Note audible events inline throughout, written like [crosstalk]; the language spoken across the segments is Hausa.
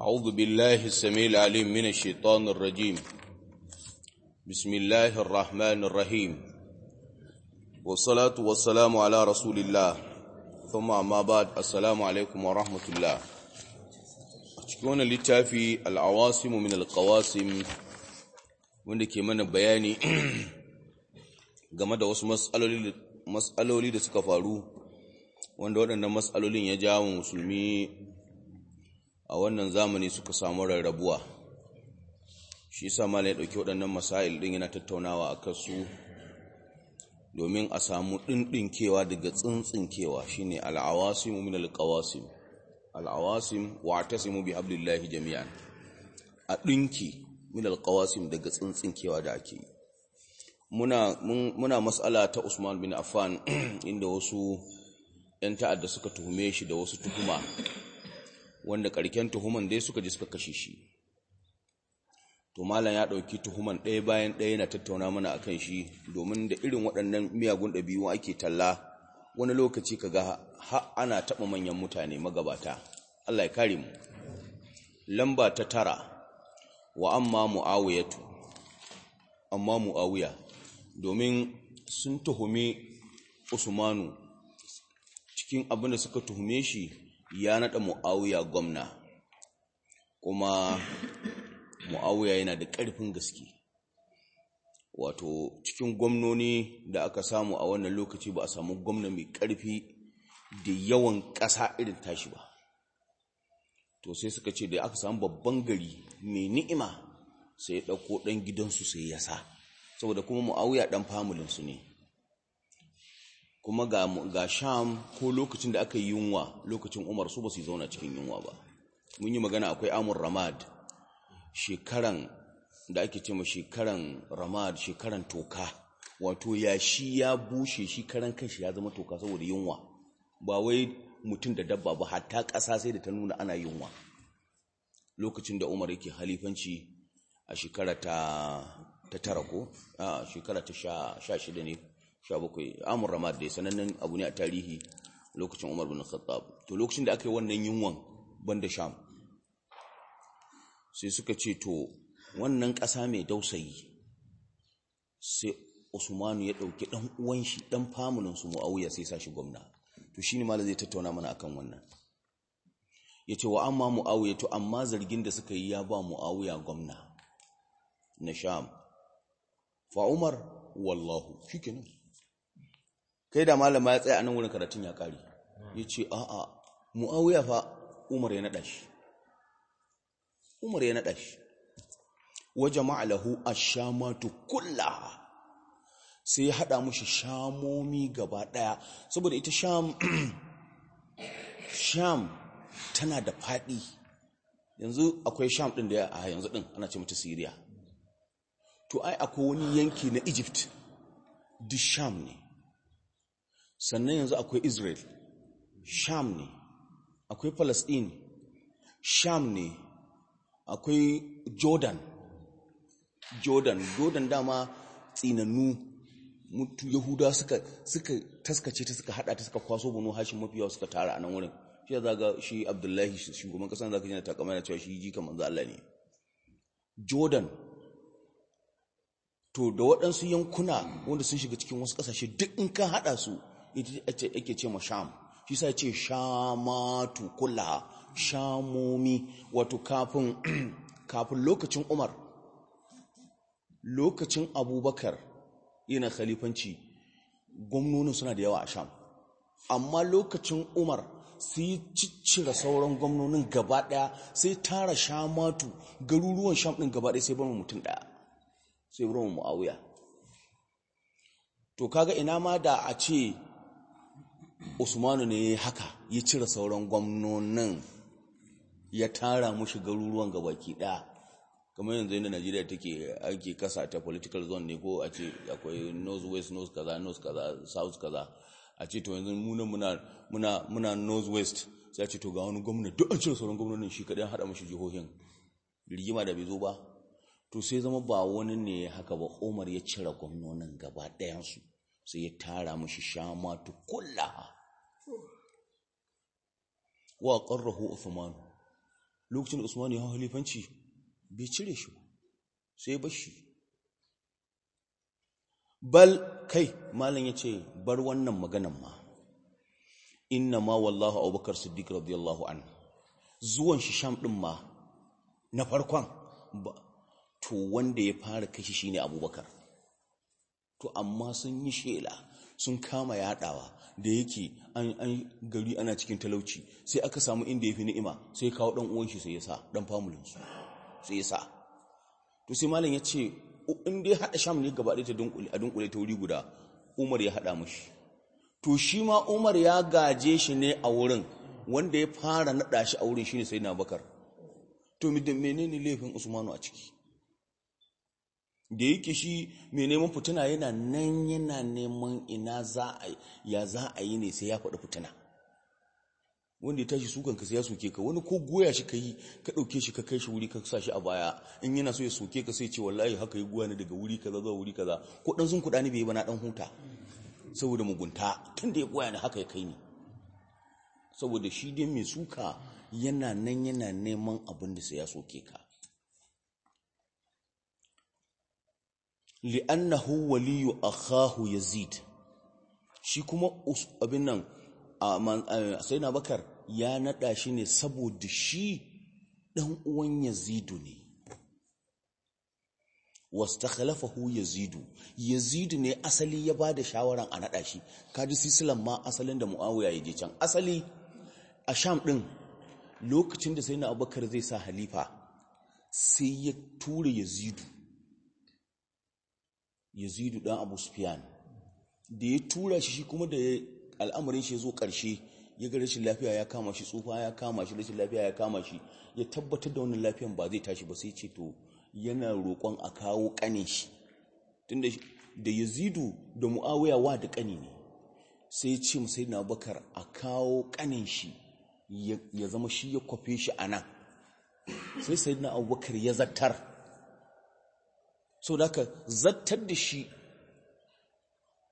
أعوذ بالله السميع العليم من الشيطان الرجيم بسم الله الرحمن الرحيم والصلاة والسلام على رسول الله ثم أما بعد السلام عليكم ورحمة الله أشكونا للتافي العواصم من القواسم wanda ke mana bayani game da wasu matsaloli da suka faru wanda waɗannan matsalolin ya jawo musulmi a wannan zamani suka samu rarrabuwa shi sa ma ya ɗauki waɗannan masail din yana tattaunawa a kasu domin a samu ɗinɗinkewa daga kewa shine al-awasim min al'awasim al'awasim wa awasim bi hablillahi jami'an a ɗinki min al daga kewa da ake yi muna matsala ta Usman bin Affan [clears throat] inda wasu 'yan ta'adda suka tuhume shi da wasu tuhuma wanda ƙarken tuhuman dai suka ji suka kashe shi to malam ya ɗauki tuhuman ɗaya bayan ɗaya na tattauna mana akan shi domin da irin waɗannan miyagun ɗabi'u ake talla wani lokaci ka ga ha ana taɓa manyan mutane magabata Allah ya kare mu lamba ta tara wa amma mu'awiyatu amma mu'awiya domin sun tuhumi usmanu cikin abin da suka tuhume shi ya naɗa mu'awiya gwamna kuma mu'awiya yana da ƙarfin gaske wato cikin gwamnoni da aka samu a wannan lokaci ba a samu gwamna mai ƙarfi da yawan ƙasa irin tashi ba to sai suka ce da aka samu babban gari mai ni'ima sai ya ɗauko ɗan gidansu sai ya sa saboda kuma mu'awiya ɗan famulinsu ne kuma ga sham ko lokacin da aka yi yunwa lokacin umar su ba su zauna cikin yunwa ba mun yi magana akwai amur ramad shekaran da ake ce ma shekaran ramad shekaran toka wato ya shi ya bushe shekaran kan kanshi ya zama toka saboda yunwa ba wai mutum da dabba ba hatta ƙasa sai da ta nuna ana yunwa lokacin da umar yake halifanci a shekara ta tara ko a shekara ta sha shida ne 17 amur ramad dai sanannen abu ne a tarihi lokacin umar bin khattab to lokacin da aka yi wannan yunwan banda sham sai suka ce to wannan ƙasa mai dausayi sai usmanu ya ɗauki ɗan uwan shi ɗan famunan su mu'awiya sai sa shi gwamna to shi ma malam zai tattauna mana akan wannan yace wa amma mu'awiya to amma zargin da suka yi ya ba mu'awiya gwamna na sham fa umar wallahu kenan kai da malama ya tsaya a nan wurin karatun ya kare ya ce a'a mu'awiya fa umar ya naɗa shi umar ya naɗa shi wa jama'a lahu ashamatu kullaha sai ya haɗa mushi shamomi gaba ɗaya saboda ita sham [clears throat] sham tana da faɗi yanzu akwai sham ɗin da ya a yanzu ɗin ana ce mata siriya to ai akwai wani yanki na egypt duk sham ne sannan yanzu akwai Israel Sham ne akwai Palestine Sham ne akwai Jordan Jordan Jordan dama tsinannu mutu Yahuda suka suka taskace ta suka hada ta suka kwaso bano hashin mafiya suka tara a nan wurin shi za ga shi Abdullahi shugaban kasan zaka jina takama na cewa shi jika manzo Allah ne Jordan to da waɗansu yankuna wanda sun shiga cikin wasu ƙasashe duk in ka haɗa su ita ce ma sham shi sa ce shamatu kula shamomi wato kafin [clears throat] kafin lokacin umar lokacin abubakar yana khalifanci gwamnonin suna da yawa a sham amma lokacin umar sai ciccira sauran gwamnonin gaba daya sai tara shamatu garuruwan sham din gaba daya sai bar mutum daya sai bar mu muawiya to kaga ina ma da a ce usmanu ne haka ya cire sauran gwamnonin ya tara mushi garuruwan gabaki daya kamar yanzu yadda najeriya take ake kasa ta political zone ne ko a ce akwai north west north kaza north kaza south kaza a ce to yanzu muna muna muna north west sai a ce to ga wani gwamna duk an cire sauran gwamnonin shi kaɗai haɗa mushi jihohin rigima da bai zo ba to sai zama ba wani ne haka ba umar ya cire gwamnonin gaba su sai ya tara mushi shamatu kulla. wa qarrahu Usman, lokacin Usman ya halifanci bai cire shi ba sai bashi bal kai malam yace bar wannan maganan ma inna ma wallahu abubakar siddiq radiyallahu an zuwan shi sham din ma na farkon to wanda ya fara kashi shine abubakar to amma sun yi shela sun kama yadawa da yake an gari ana cikin talauci sai aka samu inda ya fi ni'ima sai kawo dan uwan shi sai ya sa dan famulin su sai ya sa to sai malam ya ce in dai hada sham ne gaba ɗaya ta dunkule a dunkule ta wuri guda Umar ya hada mushi to shi ma Umar ya gaje shi ne a wurin wanda ya fara nada shi a wurin shine sai na Bakar to ne laifin Usmanu a ciki da yake shi mai neman fituna yana nan yana neman ina za a ya za a yi ne sai ya faɗi fituna wanda ya tashi sukan ka sai ya soke ka wani ko goya shi ka yi ka ɗauke shi ka kai shi wuri ka sa shi a baya in yana so ya soke ka sai ce wallahi haka yi goya ni daga wuri kaza zuwa wuri kaza ko ɗan sun kuɗa bai ba na ɗan huta saboda mugunta tun da ya goya ni haka ya kai ni saboda shi dai mai suka yana nan yana neman abin da sai ya soke ka li'annahu waliyu akhahu yazid shi kuma abin nan sayyidina bakar ya nada shi ne saboda shi dan uwan yazidu ne wastakhlafahu yazidu yazidu ne asali ya bada shawaran a nada shi kaji sisilan ma asalin da muawiya je can asali a sham din lokacin da sayyidina abubakar zai sa halifa sai ya tura yazidu yazidu dan abu sufiyan da ya tura shi shi kuma da al'amarin shi ya zo ƙarshe ya ga rashin lafiya ya kama shi tsufa ya kama shi rashin lafiya ya kama shi ya tabbatar da wannan lafiyan ba zai tashi ba sai ce to yana roƙon a kawo ƙanin shi tunda da yazidu da mu'awiya wa da ƙani ne sai ce musai na bakar a kawo ƙanin shi ya zama shi ya kwafe shi a nan sai sai na abubakar ya zartar so da ka zartar da shi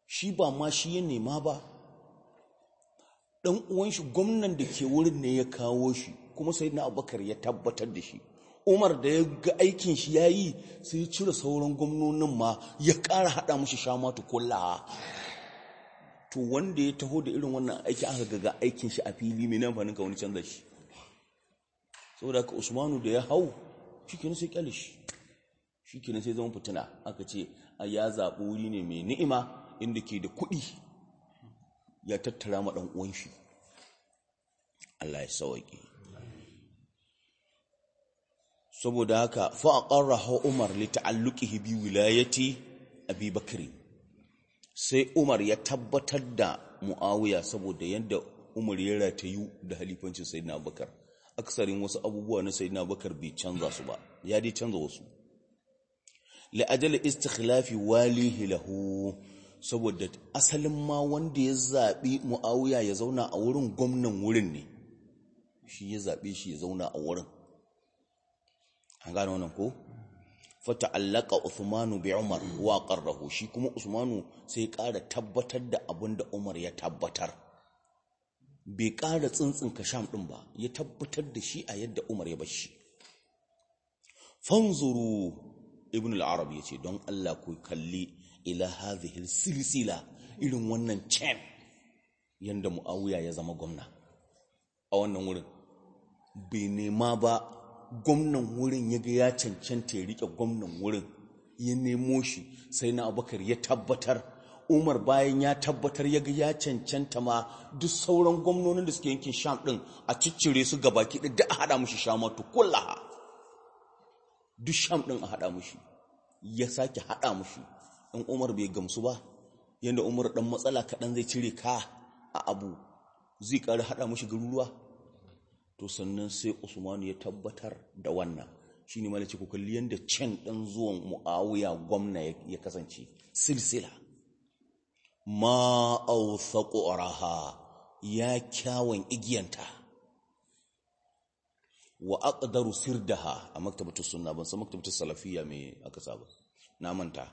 shi ba ma shi ya nema ba ɗan’uwan uwanshi shi gwamnan da ke wurin ne ya kawo shi kuma sai na abakar ya tabbatar da shi umar da ya ga aikin shi ya yi sai cire sauran gwamnonin ma ya ƙara haɗa mashi shamatu kullawa to wanda ya taho da irin wannan aiki aka gaga aikin shi a fili mai nan fanin ka wani canza shi saboda ka usmanu da ya hau shi kenan sai shi shi sai zama fitina aka ce a ya zaɓi wuri ne mai ni'ima inda ke da kuɗi ya tattara ma ɗan'uwan shi Allah ya sawaƙi saboda haka fa'aƙarra hau umar lita'alluki hibi wilayati abi bakari sai umar ya tabbatar da mu'awuya saboda yadda umar ya ratayu da halifancin na bakar aksarin wasu abubuwa na na bakar bai canza su ba ya dai canza wasu la'ajal istikhlafi walihi lahu saboda asalin ma wanda ya zaɓi mu'awiya ya zauna a wurin gwamnan wurin ne shi ya zaɓe shi ya zauna a wurin an gano wannan ko fata'allaka Usmanu bi Umar wa qarrahu shi kuma Usmanu sai ƙara tabbatar da abin da Umar ya tabbatar bai ƙara tsintsin kasham ɗin ba ya tabbatar da shi a yadda Umar ya bar shi fanzuru ibn al-arab ya ce don Allah ku kalli ila hazihil silsila irin wannan chain yanda mu'awiya ya zama gwamna a wannan wurin bai nema ba gwamnan wurin ya ga ya cancanta ya rike gwamnan wurin ya nemo shi sai na abubakar ya tabbatar umar bayan ya tabbatar ya ga ya cancanta ma duk sauran gwamnonin da suke yankin sham din a ciccire su gabaki da a haɗa mushi shamatu kullaha duk sham ɗin a haɗa mushi ya sake haɗa mushi ɗan umar bai gamsu ba yadda umar ɗan matsala kaɗan zai cire ka a abu zai ƙara haɗa mushi garuruwa to sannan sai usmanu ya tabbatar da wannan shine ne ko kalli yadda can ɗan zuwan mu'awiya gwamna ya kasance silsila ma ƙoraha raha ya kyawun igiyanta wa aqdaru sirdaha a maktabatu sunna ban san maktabatu salafiyya me aka saba na manta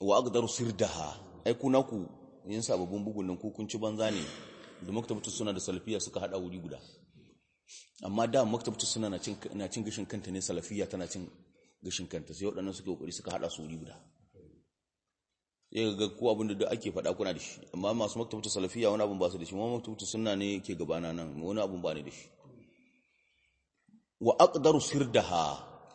wa aqdaru sirdaha ai ku naku yin sababun bugun nan ku kun ci banza ne da maktabatu sunna da salafiyya suka hada wuri guda amma da maktabatu sunna na cin na cin gashin kanta ne salafiyya tana cin gashin kanta sai waɗannan suke kokari suka hada su wuri guda ya ga ko abin da ake faɗa kuna da shi amma masu maktabatu salafiyya wani abin ba su da shi amma maktabatu sunna ne ke gabana nan wani abin ba ne da shi wa aqdaru sirdaha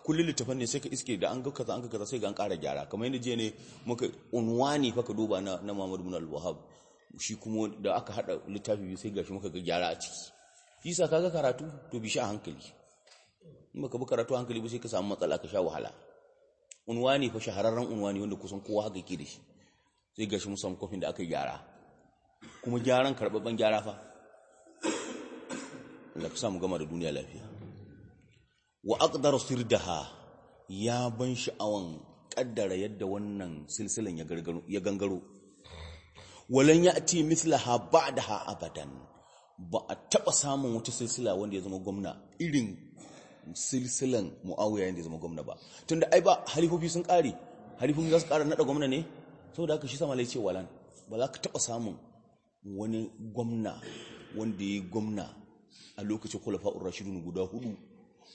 kullu littafan ne sai ka iske da an ga kaza an ga kaza sai ga an ƙara gyara kamar yadda je ne muka unwani fa ka duba na na Muhammad ibn al-Wahhab shi kuma da aka hada littafi sai sai shi muka ga gyara a ciki shi sa kaga karatu to bi shi a hankali in baka bi karatu a hankali ba sai ka samu matsala ka sha wahala unwani fa shahararren unwani wanda kusan kowa haka yake da shi sai gashi mun samu kofin da aka gyara kuma gyaran karbabban gyara fa Allah ka samu gama da duniya lafiya wa da sirdaha ya ban sha'awan kaddara yadda wannan silsilan ya gangaro walan ya'ti mithlaha ba'daha abadan ba a taba samun wata silsila wanda ya zama gwamna irin silsilan muawiya yanda ya zama gwamna ba tunda ai ba halifofi sun kare halifofi za su kara nada gwamna ne saboda haka shi sama lai ce walan ba za ka taba samun wani gwamna wanda ya yi gwamna a lokacin khulafa'ur rashidun guda hudu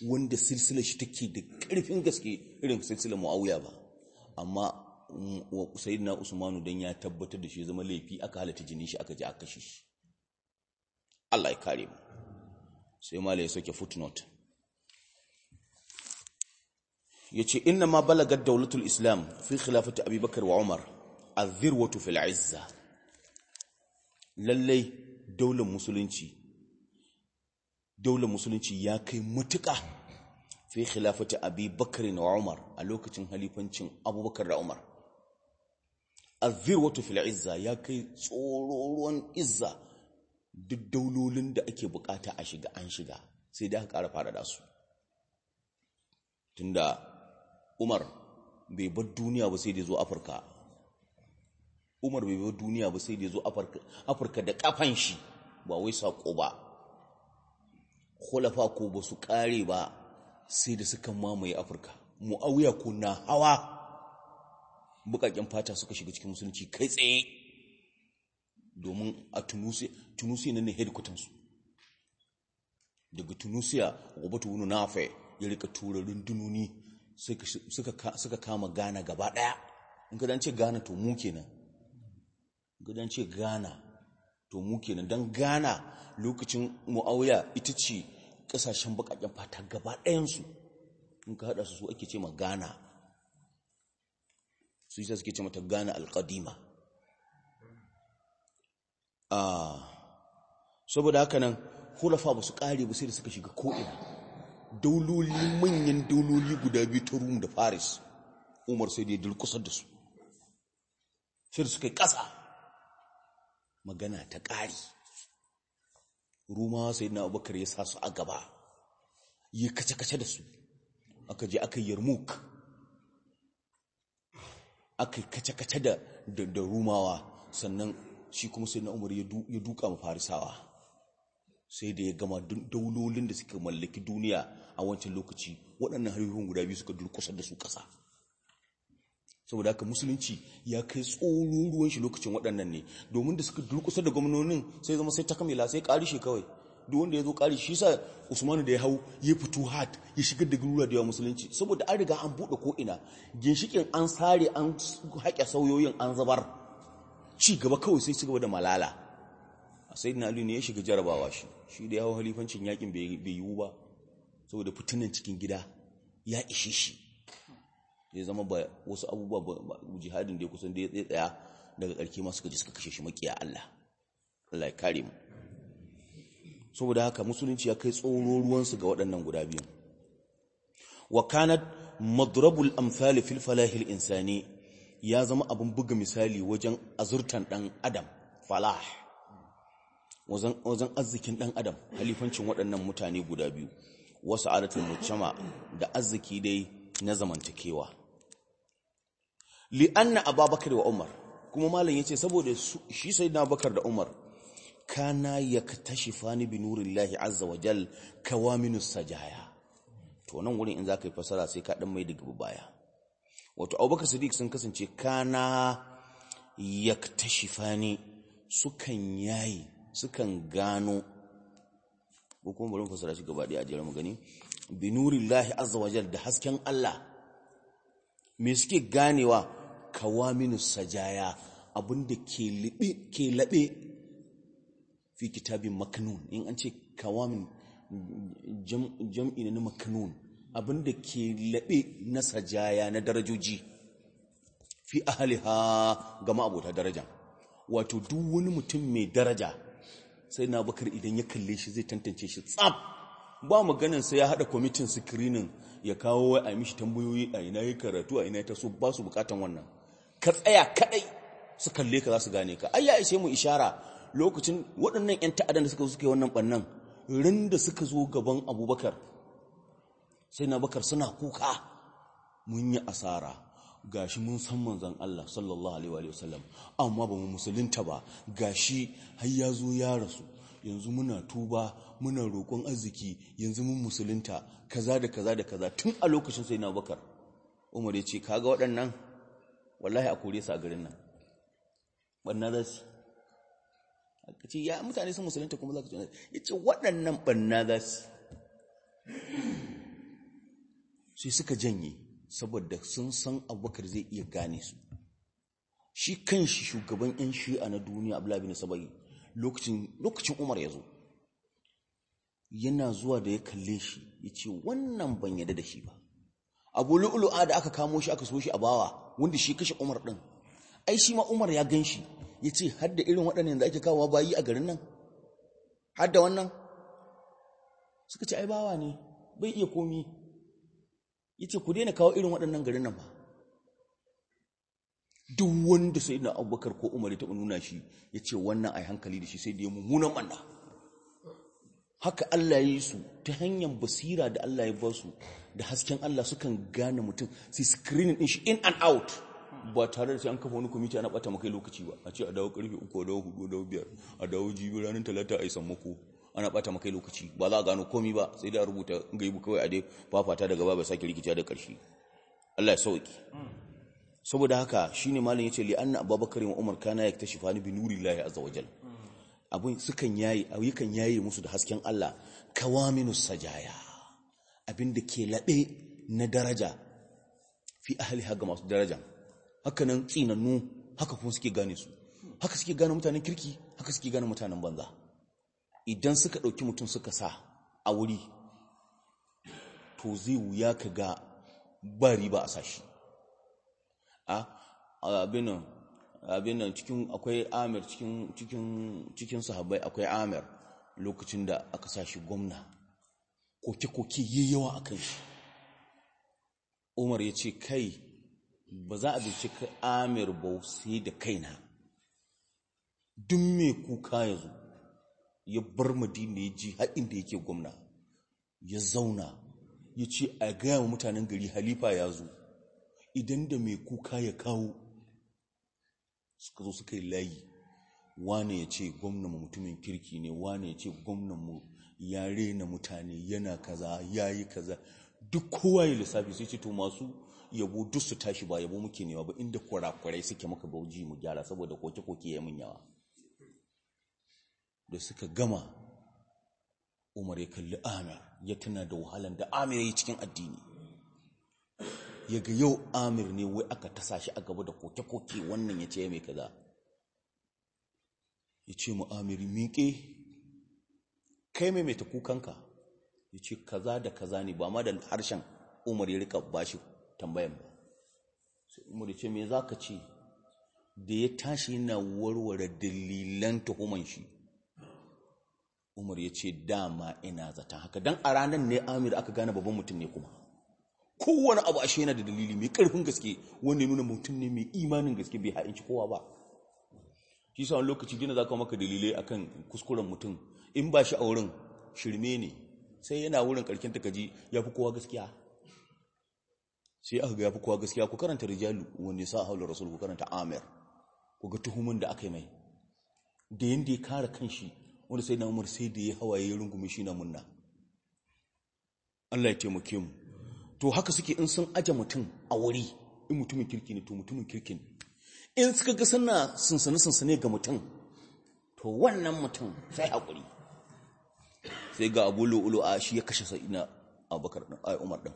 wanda silsila shi take da ƙarfin gaske irin silsila muawiya ba amma mm, sayyidina usmanu dan ya tabbatar da shi zama laifi aka halatta jini shi aka ji aka kashe shi Allah ya kare mu sai mala ya soke footnote yace inna ma balagar dawlatul islam fi khilafati abubakar wa umar azirwatu fil izza lallai daular musulunci daular musulunci ya kai matuka fi khilafati abi bakari na umar a lokacin halifancin abubakar da umar azirwatu fil izza ya kai tsororuwan izza duk daulolin da ake bukata a shiga an shiga sai da aka ƙara faɗaɗa su tunda umar bai bar duniya ba sai da zo afirka umar bai bar duniya ba sai da zo afirka da kafan shi ba wai sako ba khulafa ko ba su kare ba sai da suka mamaye afirka mu'awiya ko na hawa bukakin fata suka shiga cikin musulunci kai tsaye domin a tunisia na ne hedikotansu daga tunisia gwabata wani nafe ya rika tura rundunoni suka kama Gana gaba daya in gadance gana to mu kenan gadance Gana. to mu kenan don gana lokacin mu'awiya ita ce ƙasashen baƙaƙen fata gaba ɗayansu in ka haɗa su su ake ce ma gana su yi suke ce mata gana alƙadima ah, saboda haka nan hulafa ba su ƙare ba sai da suka shiga ko'ina dauloli manyan dauloli guda biyu ta rum da faris umar sai da ya durkusar da su sai da suka yi ƙasa magana ta ƙari rumawa sai na abubakar ya sa su a gaba yi kace-kace da su aka je aka yi yarmuk aka kace-kace da rumawa sannan shi kuma sai na umar ya duka farisawa. sai da ya gama daulolin da suka mallaki duniya a wancan lokaci waɗannan hanyoyin guda biyu suka durkusa da su ƙasa saboda haka musulunci ya kai tsoron ruwan shi lokacin waɗannan ne domin da suka durkusa da gwamnonin sai zama sai takamila sai shi kawai duk wanda ya zo ƙari shi sa usmanu da ya hau ya fito hat ya shigar da gurura da yawa musulunci saboda an riga an buɗe ko'ina ginshikin an sare an haƙe sauyoyin an zabar ci gaba kawai sai ci gaba da malala sai na ne ya shiga jarabawa shi shi da ya hau halifancin yakin bai yiwu ba saboda fitinan cikin gida ya ishe shi ya zama ba wasu abubuwa ba jihadin da ya kusan da ya tsaya daga ƙarke masu gaji suka kashe shi makiya Allah Allah ya kare mu saboda haka musulunci ya kai tsoro ruwansu ga waɗannan guda biyu wa kanat madrabul amsal fil falahil insani ya zama abin buga misali wajen azurtan dan adam falah wajen arzikin dan adam halifancin waɗannan mutane guda biyu wasu adatul mujtama da arziki dai na zamantakewa li'anna ababakar wa umar kuma malam yace saboda shi sayyidina abubakar da umar kana yaktashifani bi nurillahi azza wa jal kawaminus sajaya to nan wurin in zaka yi fasara sai ka dan mai dubu baya wato abubakar siddiq sun kasance kana yaktashifani sukan yayi sukan gano ko bari mu fasara shi gaba daya a jere mu gani bi nurillahi azza wa jal da hasken Allah me suke ganewa kawaminus sajaya abinda ke laɓe fi kitabin maknun in an ce kawamin jam'i na maknun abinda ke labe na sajaya na darajoji fi ahaliha gama abota daraja wato duk wani mutum mai daraja sai na bakar idan ya kalle shi zai tantance shi tsab ba maganin sai ya hada kwamitin screening ya kawo wai a mishi tambayoyi a ina yi karatu a ina ta so ba su bukatan wannan ka tsaya kadai su kalle ka za su gane ka ai ya ishe mu ishara lokacin waɗannan 'yan ta'adan da suka zo suke wannan bannan rin da suka zo gaban abubakar sai na bakar suna kuka mun yi asara gashi mun san manzan Allah sallallahu alaihi wa wasallam amma ba mu musulunta ba gashi har ya zo ya rasu yanzu muna tuba muna roƙon arziki yanzu mun musulunta kaza da kaza da kaza tun a lokacin sai na bakar umar ya ce kaga waɗannan wallahi a kore su a garin nan Ɓanna za su ce ya mutane sun musulunta kuma za ka ce ya ce waɗannan banna za su sai suka janye saboda sun san abubakar zai iya gane su shi kan shi shugaban 'yan shi'a na duniya abdullahi na sabai lokacin umar ya zo yana zuwa da ya kalle shi ya ce wannan ban yadda da shi ba abu lu'ulu'a da aka kamo shi aka so shi a bawa wanda shi kashe umar ɗin ai shi ma umar ya gan shi ya ce har da irin waɗannan da ake kawo bayi a garin nan har da wannan suka ce ai bawa ne bai iya komi ya ce ku daina kawo irin waɗannan garin nan ba duk wanda sai na abubakar ko umar ya taɓa nuna shi ya ce wannan ai hankali da shi sai da ya mummunan manna haka Allah ya yi su ta hanyar basira da Allah ya ba su da hasken Allah sukan gane mutum su screening din shi in and out ba tare da sai an kafa wani kwamiti ana bata makai lokaci ba a ce a dawo karfe uku a dawo hudu a dawo biyar a dawo jibi ranar talata a yi sammako ana bata makai lokaci ba za a gano komi ba sai da rubuta gaibu kawai a dai fafata daga ba bai sake rikita da karshe Allah ya sauki saboda haka shine malam yace li anna abubakar wa umar kana yaktashifani bi nurillahi azza wajalla abin sukan yayi ayyukan yayi musu da hasken Allah kawaminus sajaya abin da ke laɓe na daraja fi ahali ga masu daraja haka nan tsinannu haka kuma suke gane su haka suke gane mutanen kirki haka suke gane mutanen banza idan suka ɗauki mutum suka sa a wuri to zai wuya ka ga ba a sashi a abinan abin nan cikin akwai amir cikin cikin sahabbai akwai amir lokacin da aka sa shi gwamna koke-koke yi yawa a kan shi umar ya ce kai ba za a bincika amir ba sai da kaina duk mai kuka ya zo ya bar madina ya ji haɗin da yake gwamna ya zauna ya ce a gaya wa mutanen gari halifa ya zo idan da mai kuka ya kawo suka zo suka yi layi wane ya ce gwamnan mu mutumin kirki ne wane ya ce gwamnan mu ya rena mutane yana kaza ya yi kaza duk kowa ya lissafi sai ce to masu yabo duk su tashi ba yabo muke nema ba inda kwarakwarai suke muka bauji mu gyara saboda koke-koke ya mun yawa da suka gama umar ya kalli amir ya tana da wahalan da amir ya yi cikin addini Yaga yau amir ne wai aka tasa shi a gaba da koke-koke wannan ya ce mai kaza ya ce mu amiri miƙe kai mai mai ta kukanka ya ce kaza da kaza ne ba ma da harshen umar ya rika ba shi tambayan ba sai umar ya ce me za ka ce da ya tashi yana warware dalilan tuhuman shi umar ya ce dama ina zata haka don a ranar ne amir aka gane babban mutum ne kuma kowane abu ashe yana da dalili mai karfin gaske wanda ya nuna mutum ne mai imanin gaske bai ha'inci kowa ba shi sa wani lokaci gina za ka maka dalilai akan kuskuren mutum in ba shi a wurin shirme ne sai yana wurin ƙarkin takaji ya fi kowa gaskiya sai aka ya fi kowa gaskiya ku karanta rijalu wanda ya sa haula rasul ku karanta amir ku ga tuhumin da aka yi mai da yadda ya kare kanshi wanda sai na umar sai da ya hawaye rungume shi na munna Allah ya taimake mu to haka suke in sun aje mutum a wuri in mutumin kirki ne to mutumin kirki ne in suka ga suna sunsane sunsane ga mutum to wannan mutum sai hakuri sai ga abu lu'ulu a shi ya kashe sa'ina abubakar din ai umar din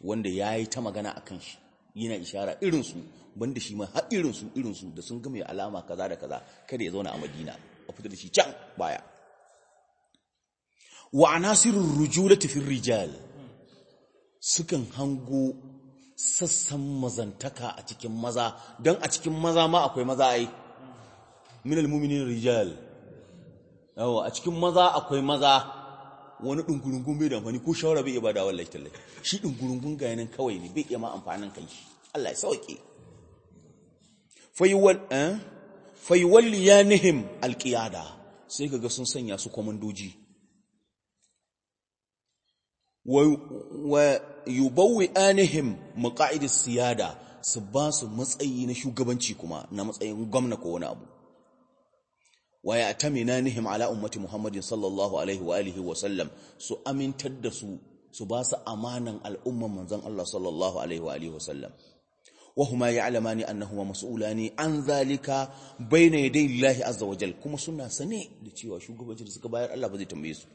wanda yayi ta magana a kan shi yana ishara irin su banda shi ma har irin su irin su da sun ga mai alama kaza da kaza kada ya zauna a Madina a fita da shi can baya wa anasirur rujulati tafi rijal sukan hango sassan mazantaka a cikin maza don a cikin maza ma akwai maza ai minal muminin rijal yawa a cikin maza akwai maza wani ɗungurungun bai da amfani ko shawara bai iya bada wallahi tallai shi ɗungurungun ga yanin kawai ne bai iya ma amfanin kai Allah ya sauke fayuwal eh fayuwal yanihim alqiyada sai kaga sun sanya su komandoji wa yubawwi anihim maqa'id siyada su basu matsayi na shugabanci kuma na matsayin gwamna ko abu wa ya tamina nihim ala ummati muhammadin sallallahu su amintar da su su basu amanan al'umman manzon Allah sallallahu alaihi wa alihi wa sallam wa huma ya'lamani an zalika bayna yaday Allah azza wa jal kuma suna sane da cewa shugabancin da suka bayar Allah ba zai tambaye su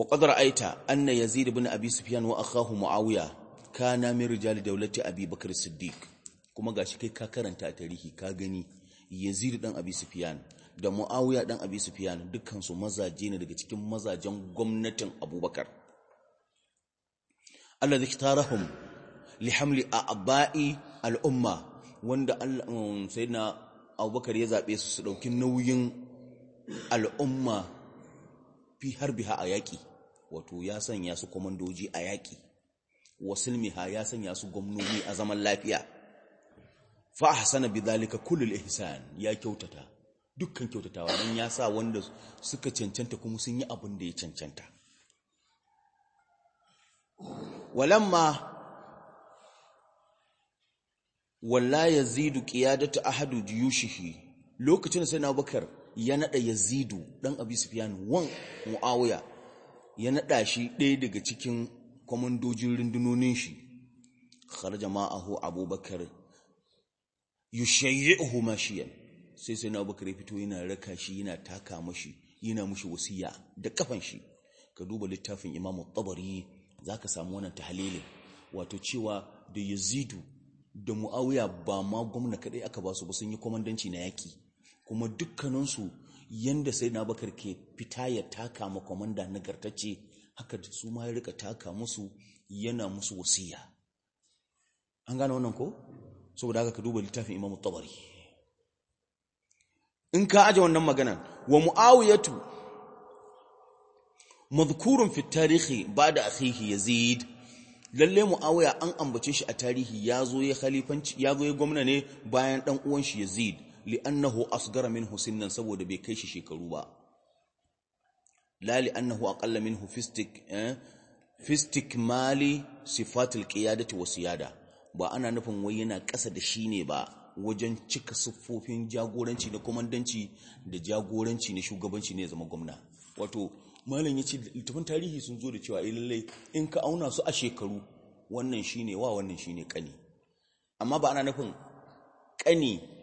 wa qad ra'aita anna yazid ibn abi sufyan wa akhahu muawiya kana min rijal dawlati abi bakr siddiq kuma gashi kai ka karanta tarihi ka gani yazid dan abi da muawiya dan abi dukansu mazaje na daga cikin mazajen gwamnatin abubakar alladhi ikhtarahum li hamli a'ba'i al-umma wanda um, sayyidina abubakar ya zabe su su dauki nauyin al'umma fi harbiha a yaƙi wato ya sanya su komandoji a yaƙi Wasulmiha ya sanya su gwamnoni a zaman lafiya fa ahsana bidhalika kullul ihsan ya kyautata dukkan kyautatawa dan ya sa wanda suka cancanta kuma sun yi abin da ya cancanta walamma walla yazidu qiyadatu ahadu jiyushihi lokacin sai na bakar ya naɗa yazidu zidu abi abisufiyan wan mu'awuyar ya naɗa shi ɗaya daga cikin kwamandojin rundunonin shi kharaja ma'ahu abubakar yushayyi'uhu mashiyan sai sai na abubakar ya fito yana raka shi yana taka mashi yana mashi wasiya da kafan shi ka duba littafin imamu tsabari za ka samu wannan ta tahalilin wato cewa da yazidu da mu'awuya ba ma gwamna kaɗai aka ba su ba sun yi kwamandanci na yaƙi kuma dukkaninsu yanda sai na bakar ke fita ya taka ma kwamanda nagartacce haka su ma ya rika taka musu yana musu wasiya an gane wannan ko saboda haka ka duba littafin imamu tabari in ka aje wannan maganan wa mu'awiyatu madhkurun fi tarihi ba'da akhihi yazid lalle mu'awiya an ambace shi a tarihi yazo ya khalifanci ya gwamna ne bayan dan uwan shi yazid li'annahu asgara minhu sinnan saboda bai kai shi shekaru ba la li'annahu aqalla minhu fistik eh, fistik mali sifatul qiyadati wa siyada ba ana nufin wai yana ƙasa da shi ne ba wajen cika siffofin jagoranci na komandanci da jagoranci na shugabanci ne zama gwamna wato malam ya ce littafin tarihi sun zo da cewa eh, lallai in ka auna su a shekaru wannan shi ne wa wannan shi ne kani amma ba ana nufin kani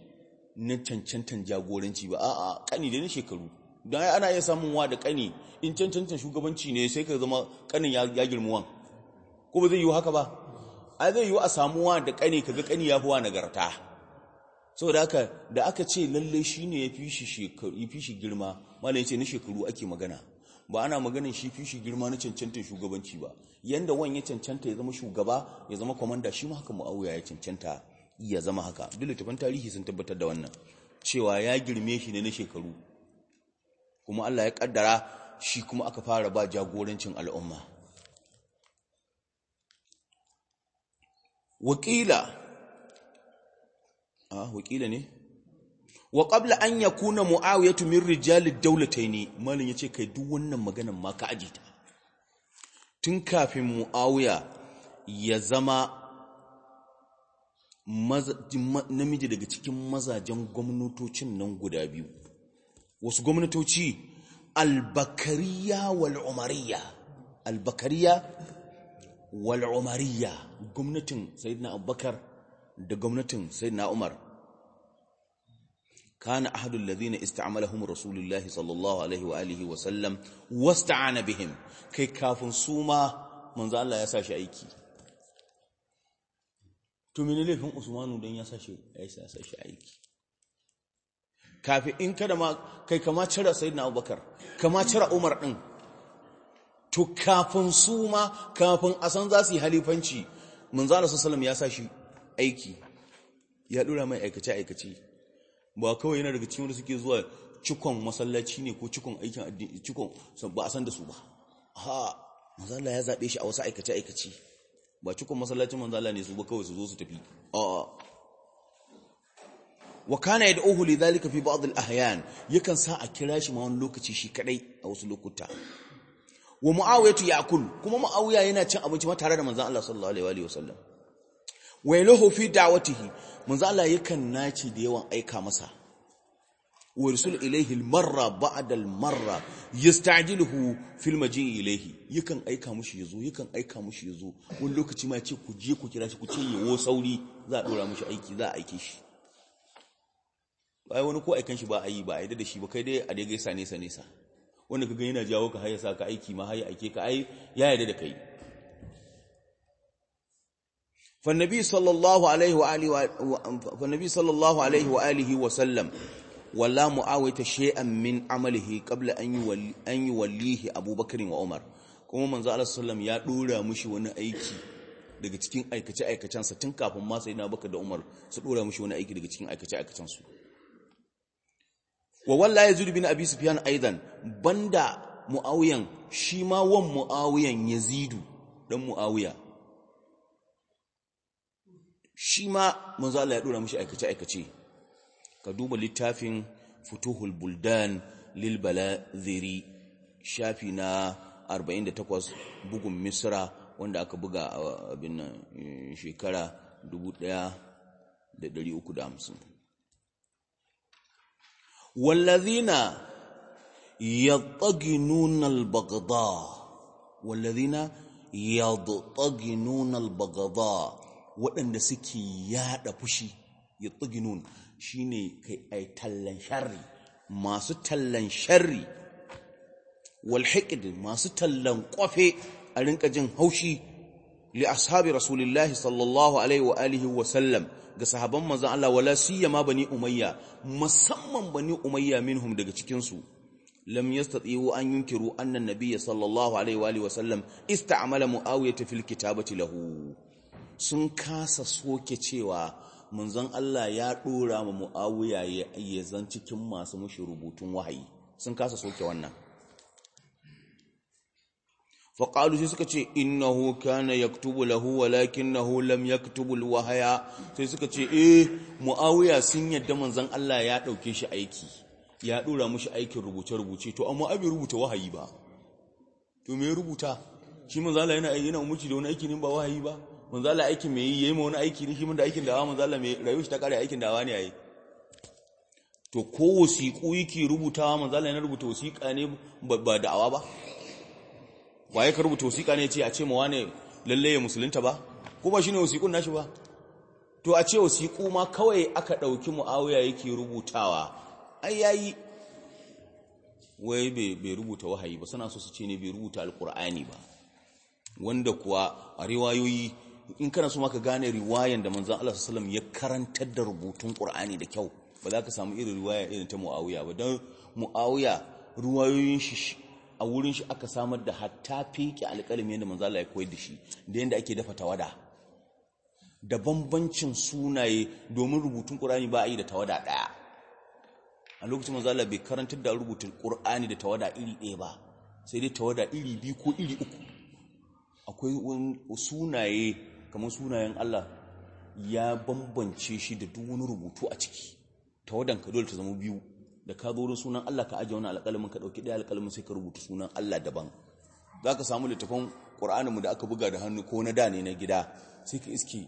na cancantan jagoranci ba a'a kani da na shekaru don ana iya samun wa da kani in cancantan shugabanci ne sai ka zama kanin ya girmuwan ko ba zai yi haka ba A zai yi a samuwa da kani kaga kani ya fi wa nagarta saboda haka da aka ce lallai shine ya fi shi ne ya fi shi girma malai ce na shekaru ake magana ba ana maganin shi fi shi girma na cancantar shugabanci ba yanda wani ya cancanta ya zama shugaba ya zama kwamanda shi ma haka mu'awuya ya cancanta ya zama haka duk tarihi sun tabbatar da wannan cewa ya girme shi ne na shekaru kuma Allah ya kaddara shi kuma aka fara ba jagorancin al'umma wakila ah wakila ne wa qabla an yakuna muawiyatu min rijalid dawlataini malin yace kai duk wannan maganan ma ka ajita tun kafin muawiya ya zama namiji daga cikin mazajen gwamnatocin nan guda biyu wasu gwamnatoci albakariya wal'umariya albakariya umariya gwamnatin sayyidina abubakar da gwamnatin sayyidina umar kana ahadul ladhina ista'malahum rasulullahi sallallahu alaihi wa alihi wa sallam wasta'ana bihim kai kafin suma manzo Allah ya sa shi aiki to mene laifin usmanu don ya sashi ya sashi aiki kafin in kada ma kai kama cira sayyidina abubakar kama cira umar din to kafin su ma kafin a san za su yi halifanci manzala sallam ya sashi aiki ya dora mai aikace aikace ba kawai yana daga cikin da suke zuwa cikon masallaci ne ko cikon aikin addini cikon ba a san da su ba ha manzala ya zaɓe shi a wasu aikace aikace ba cikon masallacin manzo Allah ne su ba kawai su zo su tafi a wa kana yad'uhu lidhalika fi ba'd al-ahyan yakan sa a kira shi ma wani lokaci shi kadai a wasu lokuta wa muawiyatu ya'kul kuma muawiya yana cin abinci ma tare da manzo Allah sallallahu alaihi wa sallam wailuhu fi da'watihi manzo Allah yakan naci da yawan aika masa wa rasul ilaihi marra ba'da marra yastajiluhu fil maji ilaihi yakan aika mushi yazo yakan aika mushi yazo wani lokaci ma ce ku je ku kira shi ku ce yawo sauri za a dora mushi aiki za a aike shi bai wani ko aikan ba a yi ba a yi da shi ba kai dai a dai gaisa nesa nesa wanda kaga yana jawo ka haya ka aiki ma ka ya da kai فالنبي صلى الله عليه وآله فالنبي صلى الله عليه وآله وسلم walla mu'awita shay'an min amalihi qabla an yuwalli an yuwallihi abubakar wa umar kuma manzo Allah sallam ya dora mushi wani aiki daga cikin aikace aikacen sa tun kafin ma na baka da umar su dora mushi wani aiki daga cikin aikace aikacen su wa wallahi yazid bin abi sufyan aidan banda mu'awiyan shi ma wan mu'awiyan yazidu dan mu'awiya shi ma manzo Allah ya dora mushi aikace aikace ka duba littafin futuhul buldan lil ziri shafi na 48 bugun misra wanda aka buga a abin eh, shekara 1350 wallazina yataginuna albagda wallazina yataginuna albagda waɗanda suke yada fushi yataginuna shine kai ai tallan sharri masu tallan sharri wal masu tallan kwafe a rinka jin haushi li ashabi rasulillahi sallallahu alaihi wa alihi wa sallam ga sahaban manzon Allah wala siyama bani umayya musamman bani umayya minhum daga cikin su lam yastati'u an yunkiru anna an-nabiy sallallahu alaihi wa alihi wa sallam ista'mala muawiyah fil kitabati lahu sun kasa soke cewa munzon Allah ya dora ma Muawiya ya zan cikin masu mushi rubutun wahayi sun kasa soke wannan faƙalu sai suka ce innahu kana yaktubu lahu walakinahu lam yaktubu alwahaya sai suka ce eh muawiya sun yadda manzon Allah ya dauke shi aiki ya dora mushi aikin rubuce rubuce to amma abin rubuta wahayi ba to me rubuta shi manzon Allah yana yana umuci da wani aiki ne ba wahayi ba manzo Allah aikin me yi yayi mu wani aiki shi mun da aikin dawa manzo Allah me rayuwar shi ta kare aikin dawa ne yayi to ko wasiqu yake rubutawa manzo Allah yana rubuta wasiƙa ne ba da'awa ba waye ka rubuta wasiƙa ne ce a ce mu wane lalle ya musulunta ba ko ba shine wasiqun nashi ba to a ce wasiqu ma kawai aka ɗauki mu'awiya yake rubutawa ai yayi wai bai rubuta wahayi ba suna so su ce ne bai rubuta alkur'ani ba wanda kuwa a riwayoyi in kana so maka gane riwayan da manzon Allah sallallahu ya karantar da rubutun Qur'ani da kyau ba za ka samu irin riwaya irin ta Muawiya ba dan Muawiya ruwayoyin shi a wurin shi aka samar da hatta fiki alƙalami yadda manzon Allah ya koyar da shi da yadda ake dafa tawada da bambancin sunaye domin rubutun Qur'ani ba a yi da tawada ɗaya a lokacin manzon Allah bai karantar da rubutun Qur'ani da tawada iri ɗaya ba sai dai tawada iri biyu ko iri uku akwai sunaye kamar sunayen Allah ya bambance shi da duk wani rubutu a ciki tawadan ka dole ta zama biyu da ka zo wurin sunan Allah ka aje wani alƙalamin ka dauki ɗaya alƙalamin sai ka rubuta sunan Allah daban za ka samu littafin Qur'anin mu da aka buga da hannu ko na da ne na gida sai ka iske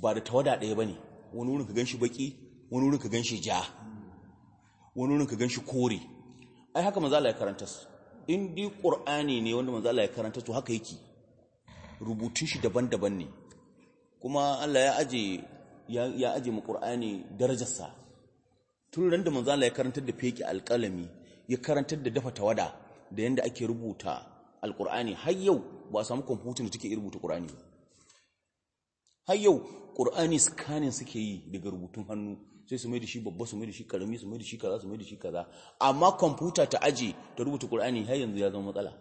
ba da tawada ɗaya bane wani wurin ka ganshi baki wani wurin ka ganshi ja wani wurin ka ganshi kore ai haka manzo Allah ya karanta su in dai Qur'ani ne wanda manzo Allah ya karanta to haka yake rubutun shi daban-daban ne kuma Allah ya aje ya aje mu Qur'ani darajarsa tun ran da manzo Allah ya karantar da feki alƙalami ya karantar da dafa tawada da yanda ake rubuta alƙur'ani har yau ba a samu computer da take rubuta Qur'ani ba har yau Qur'ani scanning suke yi daga rubutun hannu sai su mai da shi babba su mai da shi karami su mai da shi kaza su mai da shi kaza amma kwamfuta ta aje ta rubuta Qur'ani har yanzu ya zama matsala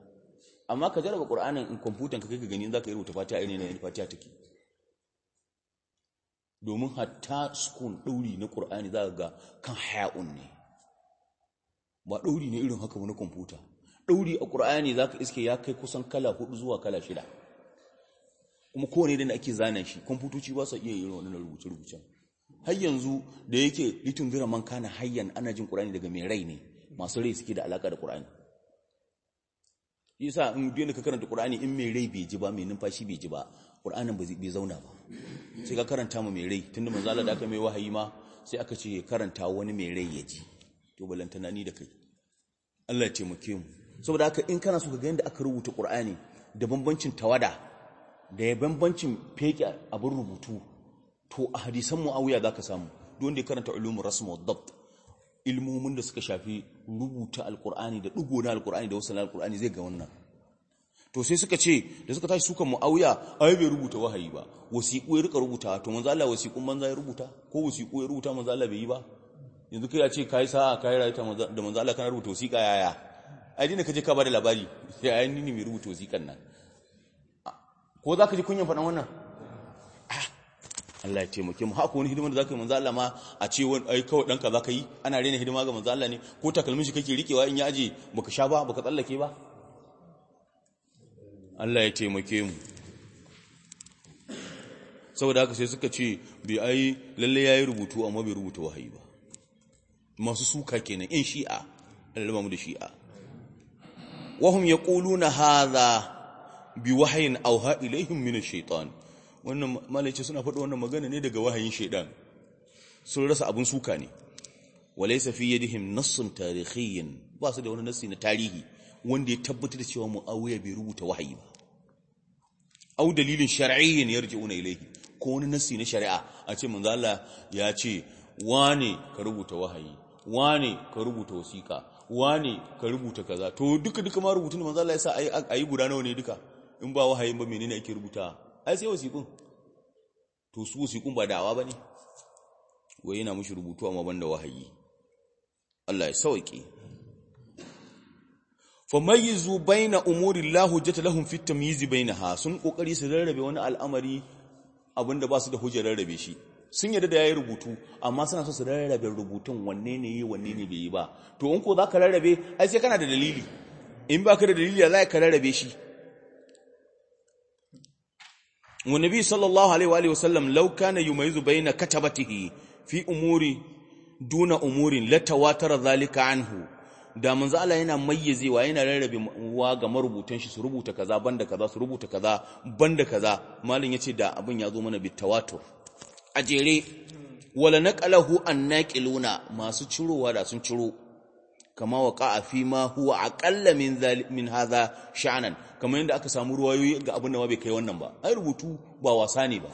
amma ka jarraba Qur'anin in computer ka kai ka gani za ka rubuta fatiha irin ne fatiha take domin hatta school ɗauri na ƙur'ani za ga kan haya'un ne ba ɗauri ne irin haka wani kwamfuta ɗauri a ƙur'ani za ka iske ya kai kusan kala hudu zuwa kala shida kuma kone da ake zana shi kwamfutoci ba su iya yin na rubuce-rubucen har yanzu da yake litin zira man kana hayyan ana jin ƙur'ani daga mai rai ne masu rai suke da alaka da ƙur'ani sa in da ka karanta ƙur'ani in mai rai bai ji ba mai numfashi bai ji ba qur'anin bai zauna ba sai ka karanta mu mai rai tunda manzo Allah da aka mai wahayi ma sai aka ce karanta wani mai rai ya ji to balantana ni da kai Allah ya taimake mu saboda haka in kana so ka ga yadda aka rubuta qur'ani da bambancin tawada da ya bambancin feke abin rubutu to a hadisan muawiya zaka samu duk wanda ya karanta ulumul rasm wa ilmomin da suka shafi rubuta alqur'ani da dugo na alqur'ani da wasu alqur'ani zai ga wannan to sai suka ce da suka tashi sukan mu'awiya yi bai rubuta wahayi ba wasiƙo ya rika rubuta to manza Allah wasiƙun manza ya rubuta ko wasiƙo ya rubuta manza Allah bai yi ba yanzu kai ya ce kai sa'a kai rayuta da manza Allah kana rubuta wasiƙa yaya ai dina kaje ka ba da labari sai ai ni ne mai rubuta wasiƙan nan ko za ka ji kunyan faɗan wannan Allah ya taimake mu haka wani hidima da zaka yi manzo Allah ma a ce wani ai kawai danka zaka yi ana rena hidima ga manza Allah ne ko takalmin shi kake rikewa in ya aje baka sha ba baka tsallake ba Allah ya taimake mu saboda haka sai suka ce bai ai lalle yayi rubutu amma bai rubuta wahayi ba masu suka kenan in shi'a Allah mu da shi'a wahum yaquluna hadha bi wahayin auha ilaihim min ash-shaytan wannan malaice suna faɗi wannan magana ne daga wahayin shaytan sun rasa abun suka ne walaysa fi yadihim nassun tarihiyyin ba su da wani nassi na tarihi wanda ya tabbatar da cewa muawiya bai rubuta wahayi ba au dalilin shar'iyyin yarji'una ilayhi ko wani nasi na shari'a a ce manzo Allah ya ce wane ka rubuta wahayi wane ka rubuta wasiƙa wane ka rubuta kaza to duka duka ma rubutun manzo Allah ya sa ayi ayi guda nawa ne duka in ba wahayi ba menene ake rubuta ai sai wasiƙun to su wasiƙun ba da'awa bane wai yana mushi rubutu amma banda wahayi Allah ya sauke famayyizu baina Allah hujjata lahum fit tamyizi bainaha sun kokari su rarrabe wani al'amari abinda ba su da hujjar rarrabe shi sun yarda da yayi rubutu amma suna so su rarrabe rubutun wanne ne yi wanne ne bai yi ba to in ko zaka rarrabe ai sai kana da dalili in ba ka da dalili za ka rarrabe shi wa nabi sallallahu alaihi wa sallam law kana yumayizu baina katabatihi fi umuri duna umurin latawatara zalika anhu da manzo Allah yana mayyazewa yana rarrabe wa ga marubutan shi su rubuta kaza banda kaza su rubuta kaza banda kaza malin yace da abin ya zo mana bitawatur a jere wala naqalahu naqiluna masu cirowa da sun ciro kama waqa fi ma huwa aqalla min min hadha sha'nan kamar yanda aka samu ruwayoyi ga abin da ba bai kai wannan ba ai rubutu ba wasa ne ba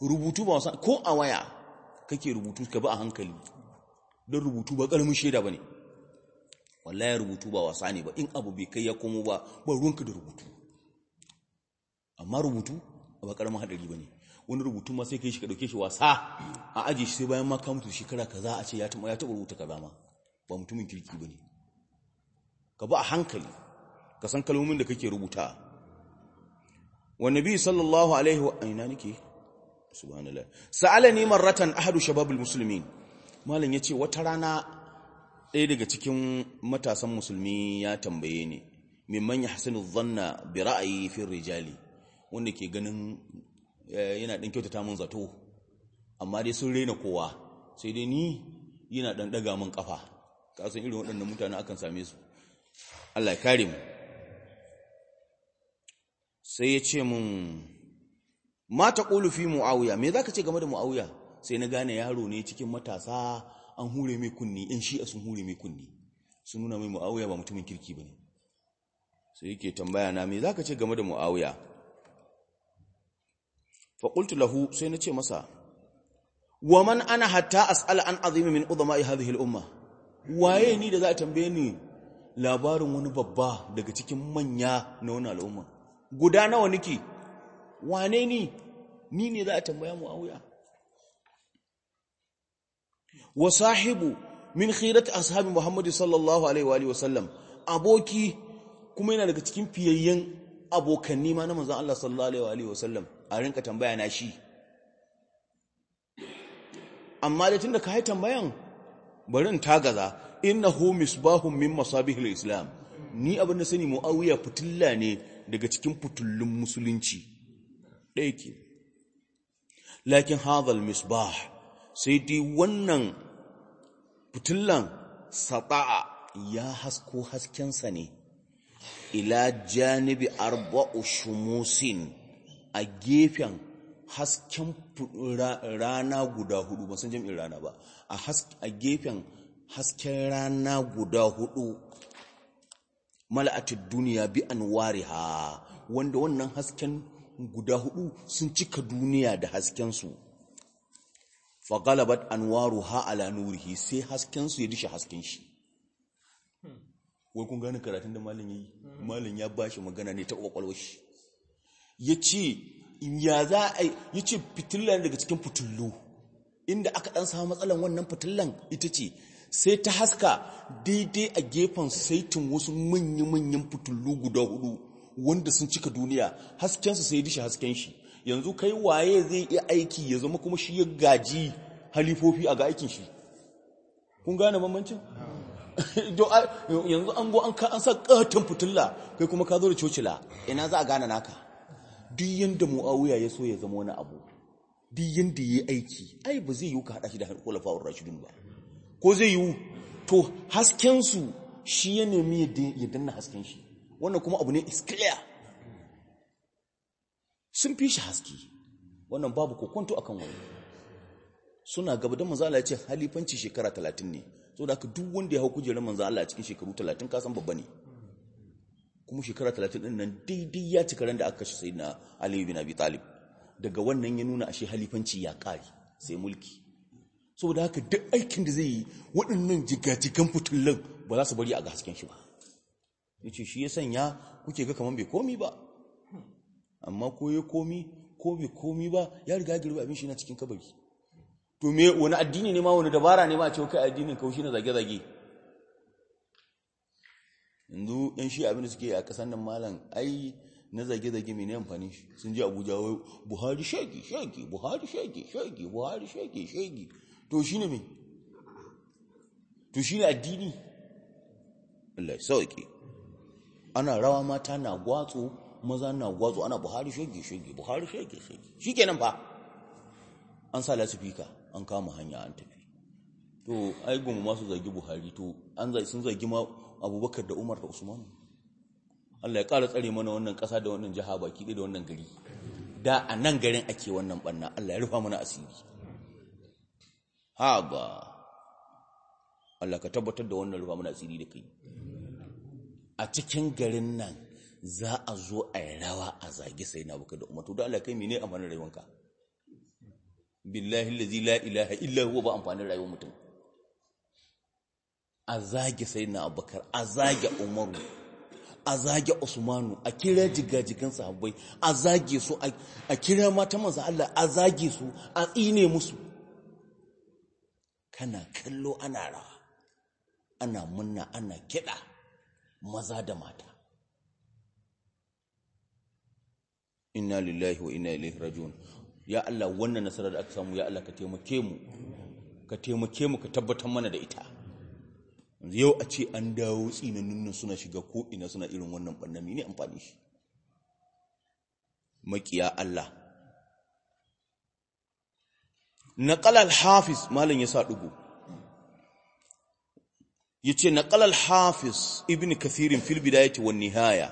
rubutu ba wasa ko a waya kake rubutu ka bi a hankali don rubutu ba shaida sheda bane wallahi rubutu ba wasa ne ba in abu bai kai ya komo ba ba ruwanka da rubutu amma rubutu ba karamin hadari bane wani rubutu ma sai kai shi ka dauke shi wasa a aje shi sai bayan ma ka mutu shekara kaza a ce ya taɓa ya rubuta kaza ma ba mutumin kirki bane ka ba a hankali ka san kalmomin da kake rubuta wa nabi sallallahu alaihi wa aina nake subhanallah sa'alani marratan ahadu shababul muslimin malam yace wata rana ɗaya daga cikin matasan musulmi ya tambaye ni mai manya hasanu zanna bi ra'ayi fi rijali wanda ke ganin eh, yana ɗan kyautata mun zato amma dai sun raina kowa sai dai ni yana ɗan ɗaga mun ƙafa kasan irin waɗannan mutane akan same su Allah ya kare mu sai ya ce mun mata ƙulufi mu'awuya me za ka ce game da mu'awuya sai na gane yaro ne cikin matasa an hure mai kunni yan shi'a sun hure mai kunni sun nuna mai mu'awiya ba mutumin kirki ba ne sai yake tambaya na me za ka ce game da mu'awiya faƙultu lahu sai na ce masa wa man ana hatta as'ala an azimi min a hadhihi al-umma waye ni da za a tambaye ni labarin wani babba daga cikin manya na wani al'umma guda nawa niki wane ni ni ne za a tambaya mu'awiya wa sahibu min khirati ashabi Muhammad sallallahu alaihi wa sallam aboki kuma yana daga cikin fiyayyen abokanni ma na manzon Allah sallallahu alaihi wa sallam a rinka tambaya na shi amma da tunda ka yi tambayan barin tagaza innahu misbahu min masabihil islam ni abin da sani muawiya fitilla ne daga cikin fitullun musulunci dai ke lakin hadhal misbah sai dai wannan fitillan sata'a ya hasko haskensa ne ila janibi arba'u shumusin a gefen hasken rana guda hudu ba san jami'in rana ba a gefen hasken rana guda hudu mala'atid duniya bi ha wanda wannan hasken guda hudu sun cika duniya da haskensu fa anwaru anwaruha ala nurihi sai hasken su ya dishe hasken shi wai kun gane karatun da malam yi malam ya bashi magana ne ta kwakwalwar shi ce ya za a yace fitilan daga cikin fitilu. inda aka dan samu matsalan wannan fitilan ita ce sai ta haska daidai a gefen saitin wasu manya-manyan fitullu guda hudu wanda sun cika duniya haskensu sai dishe hasken shi yanzu kai waye zai iya aiki ya zama kuma shi ya gaji halifofi a ga aikin shi kun gane bambancin [laughs] yanzu an go an sa katin fitilla kai kuma ka zo da cocila ina za a gane naka duk yanda muawiya ya so ya zama wani abu duk yanda yayi aiki ai ba zai yi ka hada shi da khulafa'ur rashidun ba ko zai yi to hasken su shi ya nemi ya danna hasken shi wannan kuma abu ne is clear sun fi shi haske wannan babu kokonto akan wani suna gaba da manzo Allah ya ce halifanci shekara 30 ne saboda haka duk wanda ya hau kujerar manzo Allah cikin shekaru 30 kasan babba ne kuma shekara 30 din nan daidai ya cika ran da aka kashe sayyidina Ali bin Abi Talib daga wannan ya nuna ashe halifanci ya kare sai mulki saboda haka duk aikin da zai yi waɗannan jigajigan fitullan ba za su bari a ga hasken shi ba yace shi ya sanya kuke ga kaman bai komi ba amma ko ya komi ko bai komi ba ya riga ya girbi abin shi na cikin kabari to me wani addini ne ma wani dabara ne ma a ce kai addinin shi na zage-zage yanzu yan shi abin da suke a kasan nan malam ai na zage-zage mai ne amfani shi sun je abuja wai buhari shege shege buhari shege shege buhari shege shege to shi ne mai to shi ne addini Allah sauke ana rawa mata na gwatso maza na gwazo ana buhari shege shege buhari shege shege shi kenan fa an sa lasifika an kama hanya an tafi to ai gumu masu zagi buhari to an zai sun zagi ma abubakar da umar da usman Allah ya kara tsare mana wannan kasa da wannan jiha baki da wannan gari da a nan garin ake wannan banna Allah ya rufa mana asiri Haba Allah ka tabbatar da wannan rufa mana asiri da kai a cikin garin nan za a zo a yi rawa a zagi sai na baka da umar to da Allah kai mene amfanin rayuwanka billahi allazi la ilaha illa huwa ba amfanin rayuwar mutum a zagi sai na abakar a zagi umaru a zage Usmanu a kira jigajigan sahabbai a zage su a kira mata manzo Allah a zage su a tsine musu kana kallo ana rawa ana munna ana kida maza da mata inna lillahi wa inna ilaihi rajiun ya Allah wannan nasarar da aka samu ya Allah ka taimake mu ka taimake mu ka tabbatar mana da ita yau a ce an dawo tsinannun nan suna shiga ko ina suna irin wannan bannan ne amfani shi makiya Allah naqala al-hafiz malan yasa dugo yace naqala al-hafiz ibn kathir fil bidayati wan nihaya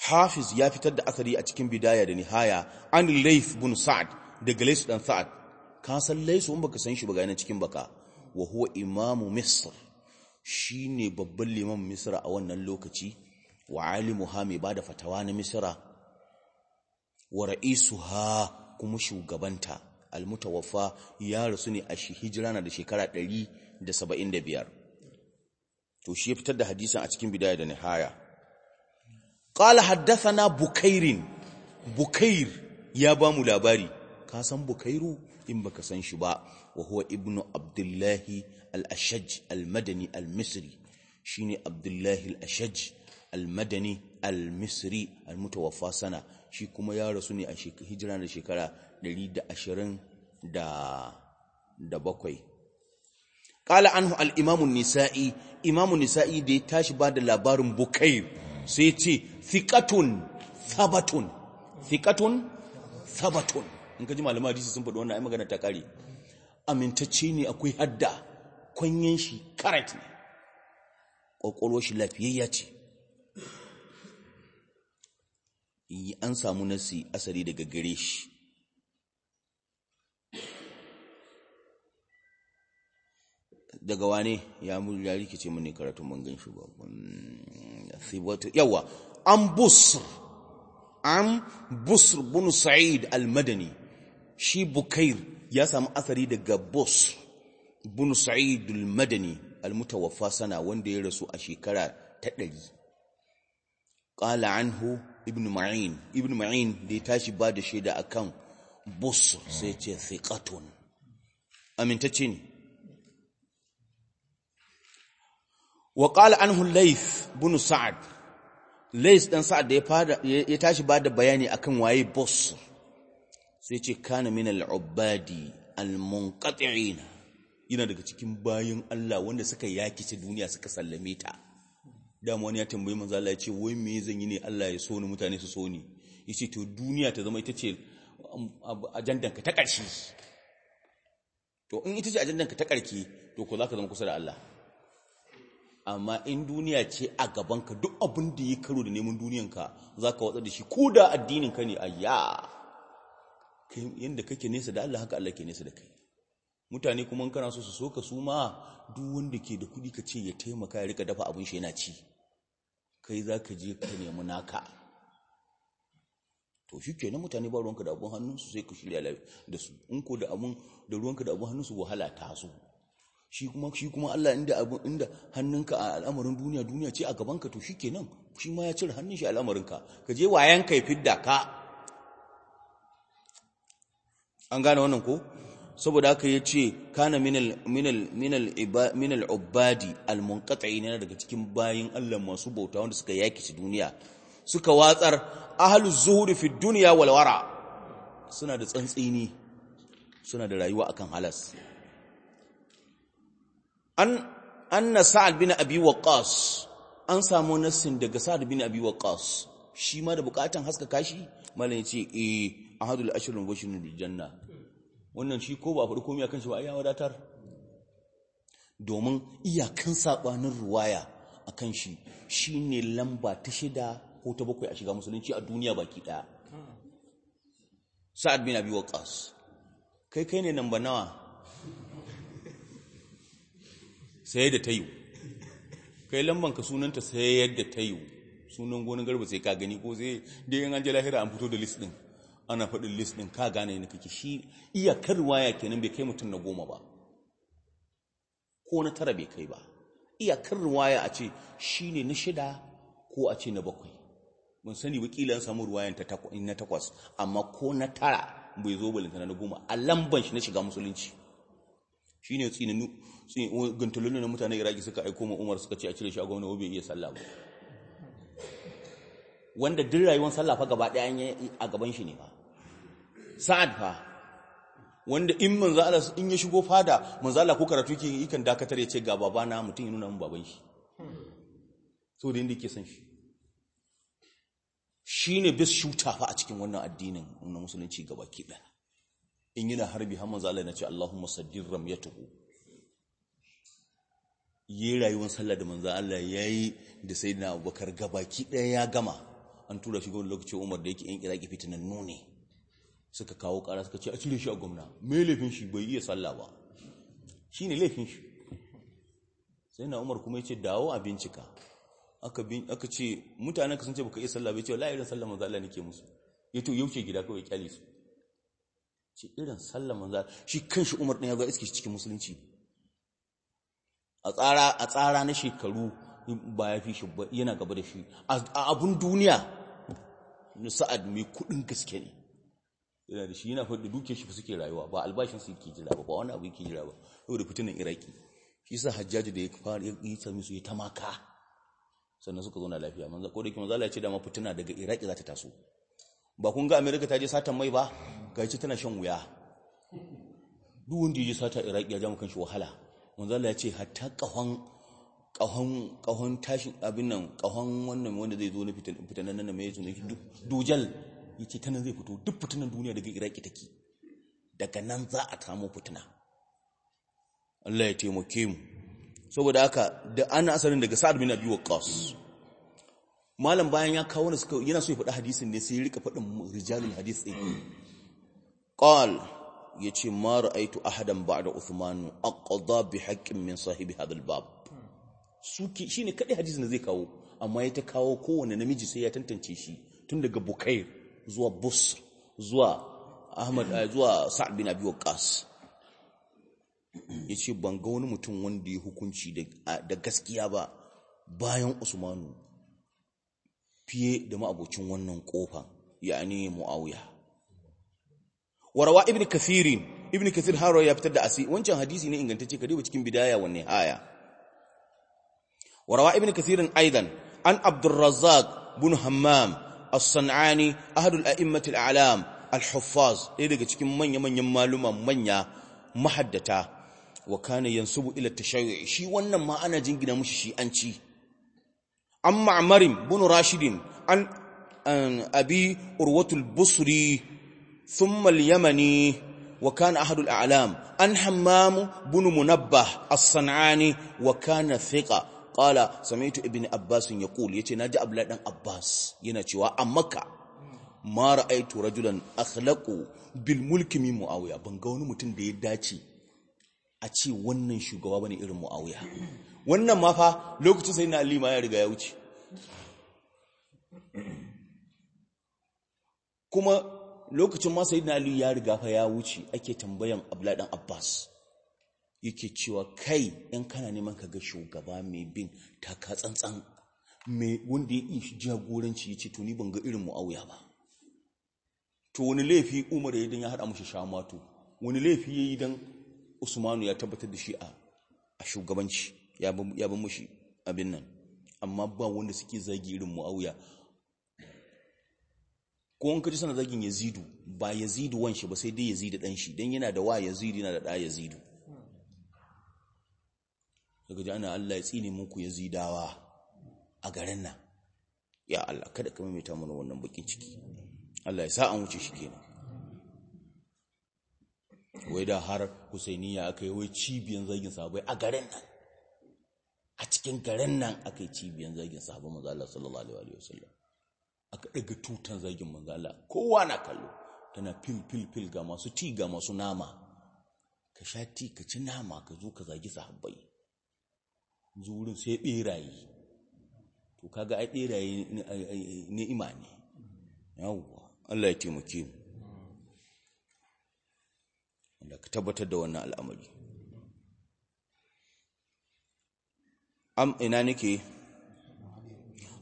hafiz ya fitar da asali a cikin bidaya da nihaya an laif bin sa'ad da laisu dan sa'ad ka san laisu baka san shi ba ga cikin baka wa huwa imamu misr shine babban liman misra a wannan lokaci wa alimu ha mai bada fatawa na misra wa ha kuma shugabanta almutawaffa ya rasu ne a hijira na da shekara 175 to shi ya fitar da hadisin a cikin bidaya da nihaya qala haddathana bukairin bukair ya bamu labari ka san bukairu in baka san shi ba Wahuwa ibnu abdullahi al-ashaj al-madani al-misri shine abdullahi al-ashaj al-madani al-misri al-mutawaffa sana shi kuma ya rasu ne a hijira da shekara 120 da da bakwai Ƙala anhu al-imam an-nisa'i imam nisai imam nisai da ya tashi ba da labarin bukair sai ce thiqatun sabatun thiqatun sabatun in ka ji malaman hadisi sun faɗi wannan ai magana ta kare amintacce ne akwai hadda kunyen shi karat ne kwakwalwar shi lafiyayya ce an samu nasi asari daga gare shi daga wane ya rikice mun ne karatun bangan shi ba hmm, yawa an busr an busr bin sa'id al-madani shi bukair ya samu asari daga busr bin sa'id al-madani al-mutawaffa sana wanda ya rasu a shekara ta ɗari. qala hu ibn ma'in ibn ma'in da ya tashi ba da shaida akan busr sai ce thiqatun amintacci ne wa qala anhu laif bin sa'ad lais dan sa'ad da ya tashi ba da bayani akan waye boss sai ce kana min al-ubadi al-munqati'in yana daga cikin bayan Allah wanda suka ce duniya suka sallame ta dama wani ya tambayi manzo Allah ya ce wai me zan yi ne Allah ya so ni mutane su so ni yace to duniya ta zama ita ce um, ajandan ka ta ƙarshe to in ita ce ajandan ka ta ƙarke to ko zaka zama kusa da Allah amma in duniya ce a gabanka duk abin da ya karo da neman duniyanka za ka watsa da shi ko da addinin ka ne ayya yadda kake nesa da Allah haka Allah ke nesa da kai mutane kuma kana so su soka su ma duk wanda ke da kudi ka ce ya taimaka ya rika dafa abin shi yana ci kai za ka je ka nemi naka to shi kenan mutane ba ruwanka da abin hannunsu sai ka shirya da su in ko da abin da ruwanka da abin hannunsu wahala ta so shi kuma shi kuma Allah inda inda hannunka a al'amarin duniya duniya ce a gabanka to shikenan shi ma ya cire hannun shi al'amarin ka ka je wayan kai fidda ka an gane wannan ko saboda haka yace kana minal minal minal minal ubadi almunqati'ina daga cikin bayin Allah masu bauta wanda suka yakici duniya suka watsar ahluz zuhuri fi dunya wal wara suna da tsantsini suna da rayuwa akan halas an anna sa'ad bin abi waqqas an samu nassin daga sa'ad bin abi waqqas shi ma da bukatan haska kashi mallan ce eh ahadul ashrul bashirin bil janna wannan shi ko ba faɗi komai akan shi ba ya wadatar domin iyakan sabanin ruwaya akan shi shine lamba ta shida ko ta bakwai a shiga musulunci a duniya baki daya sa'ad bin abi waqqas kai kai ne namba nawa sai da ta yi kai lamban ka sunanta sai yadda ta yi sunan gonin garba sai ka gani ko sai dai an ji lahira an fito da list din ana faɗin list din ka gane ne kake shi iyakar waya kenan bai kai mutum na goma ba ko na tara bai kai ba iyakar ruwaya a ce shi ne na shida ko a ce na bakwai mun sani wakilan an samu ruwayan ta takwas amma ko na tara bai zo balintana na goma a lamban shi na shiga musulunci ne tsinanu guntulun na mutane iraki suka aiko ma umar suka ce a cire shi a gwamna bai iya sallah ba wanda duk rayuwar sallah fa gaba yi a gaban shi ne ba sa'ad fa wanda in manzala in ya shigo fada manzala ko karatu yi kan dakatar ya ce ga babana mutum ya nuna mun baban shi so da inda ke san shi Shi ne bis shuta fa a cikin wannan addinin na musulunci gaba ki in yana harbi har manzo Allah ya ce Allahumma saddir ramyatuhu yi rayuwar sallah da manzo Allah yayi da sayyidina Abubakar gabaki daya ya gama an tura shi gwamnati lokacin Umar da yake yan Iraki fitinan nune suka kawo kara suka ce a cire shi a gwamna me laifin shi bai iya sallah ba shine laifin shi sayyidina Umar kuma yace dawo a bincika aka ce mutanen ka sun ce baka iya sallah bai ce wallahi irin sallah manzo Allah nake musu yato yauke gida kawai kyale su shi irin sallar manzo shi kanshi Umar din ya zo iske shi cikin musulunci a tsara a tsara na shekaru ba ya fi shi ba yana gaba da shi a abun duniya ni sa'ad mai kudin gaske ne yana da shi yana fa da duke shi suke rayuwa ba albashin su yake jira ba ba wani abu yake jira ba saboda fitinan Iraki shi sa Hajjaji da ya fara yi ta su ya tamaka sannan suka zo na lafiya manzo ko da kuma zalla ya ce da ma fitina daga Iraki za ta taso ba kun ga america ta je satan mai ba gaci tana shan wuya duk wanda ya je sata iraq ya jama kan shi wahala manzo Allah ya ce hatta kahon kahon kahon tashin abin nan kahon wannan wanda zai zo na fitanan nan mai yazo dujal yace ta nan zai fito duk fitinan duniya daga iraki take daga nan za a samu fitina Allah ya taimake mu saboda haka da ana asalin daga Sa'ad bin Abi waqas malam bayan ya kawo suka yana so ya faɗi hadisin ne sai ya rika faɗin rijalul hadis ɗin qal yace ma ra'aitu ahadan ba'da uthman aqda bi haqqin min sahibi hadha bab suki shine kadai hadisin da zai kawo amma ya ta kawo kowane namiji sai ya tantance shi tun daga bukair zuwa busr zuwa ahmad eh, zuwa sa'd bin abi waqas yace ban ga wani mutum wanda ya hukunci da gaskiya ba bayan usmanu fiye da ma'abocin wannan kofan ya'ani muawiya warawa ibn kathirin ibn kathir haro ya fitar da asi wancan hadisi ne ingantacce ka duba cikin bidaya wa nihaya warawa ibn kathirin aidan an abdurrazzaq bin hammam as-sanani ahadul al a'lam al-huffaz ɗaya daga cikin manya-manyan maluma manya mahaddata wa kana yansubu ila tashayyu shi wannan ma ana jingina mushi shi an ci an ma'amarin bunu rashidin an abi urwatul busri thumma al-yamani wa kana ahadul a'lam an hammam bin munabbah a sanani wa kana thiqa qala sami'tu ibn abbas yaqul yace naji abdullah dan abbas yana cewa a maka mara ra'aytu rajulan akhlaqu bil mulki min muawiya ban ga wani mutum da ya dace a ce wannan shugaba wani irin muawiya wannan ma fa lokacin sai na Ali ya riga ya wuce kuma lokacin ma sai na Ali ya riga fa ya wuce ake tambayan Abdullah Abbas yake cewa kai in kana neman ka ga shugaba mai bin taka tsantsan mai wanda ya ishi jagoranci yace to ni ban ga irin Muawiya ba to wani laifi Umar ya dan ya hada mushi shamatu wani laifi yayi dan Usmanu ya tabbatar da shi a shugabanci ya ban mushi abin nan amma ba wanda suke zagi irin mu'awiya ko in kaji sana zagin yazidu ba yazidu wanshi ba sai dai yazidu dan shi dan yana da wa yazidu yana da da yazidu daga ji ana Allah ya tsini muku yazidawa a garin nan ya Allah kada ka maimaita mana wannan bakin ciki Allah ya sa an wuce shi kenan wai da har ya aka yi wai cibiyan zagin sabai a garin nan a cikin garin nan aka yi cibiyan zagin sahabban manzala sallallahu alaihi wasallam aka ɗaga tutan zagin manzala kowa na kallo tana fil fil fil ga masu ti ga masu nama ka sha ti ka ci nama ka zo ka zagi sahabbai zo sai ɓeraye. to kaga ai ɓeraye ni'ima imani. yawwa Allah ya taimake mu Wanda ka tabbatar da wannan al'amari am ina nake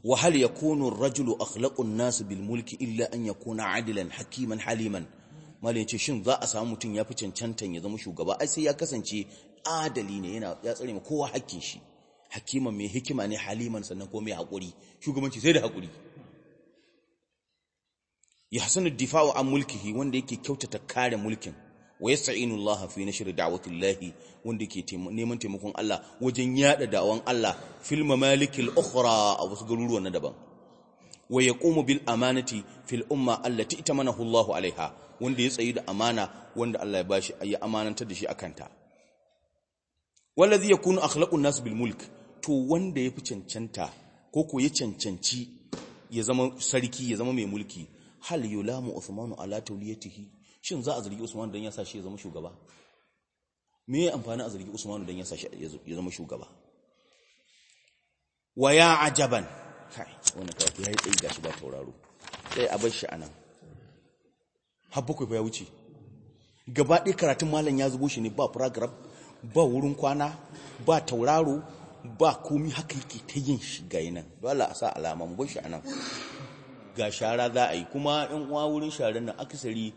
wa hal yakunu ar-rajulu akhlaqu an-nas bil mulki illa an yakuna adilan hakiman haliman mallan yace shin za a samu mutum ya fi cancantan ya zama shugaba ai sai ya kasance adali ne yana ya tsare ma kowa hakkin shi hakiman mai hikima ne haliman sannan ko mai hakuri shugabanci sai da hakuri yahsanu ad difa'u an mulkihi wanda yake kyautata kare mulkin wa yasta'inu Allah fi nashri da'wati Allah wanda ke neman taimakon Allah wajen yada da'awan Allah fil mamalikil ukhra a wasu garuruwan na daban wa kuma bil amanati fil umma allati itamanahu Allah alaiha wanda ya tsayi da amana wanda Allah ya bashi ya amanantar da shi akanta wallazi yakunu akhlaqun nas bil mulk to wanda ya fi cancanta ko ko ya cancanci ya zama sarki ya zama mai mulki hal yulamu uthmanu ala tawliyatihi shin za a zargi usman don ya sa shi ya zama shugaba me ya amfani a zargi usman don ya sa shi ya zama shugaba wa ya ajaban kai wannan kawai ya yi tsayi gashi ba tauraro sai a bar shi a nan har ya wuce gaba ɗaya karatun malam ya zubo shi ne ba paragraph ba wurin kwana ba tauraro ba komi haka yake ta yin shi ga nan dole a sa alama mu bar a nan ga shara za a yi kuma yan uwa wurin sharar nan akasari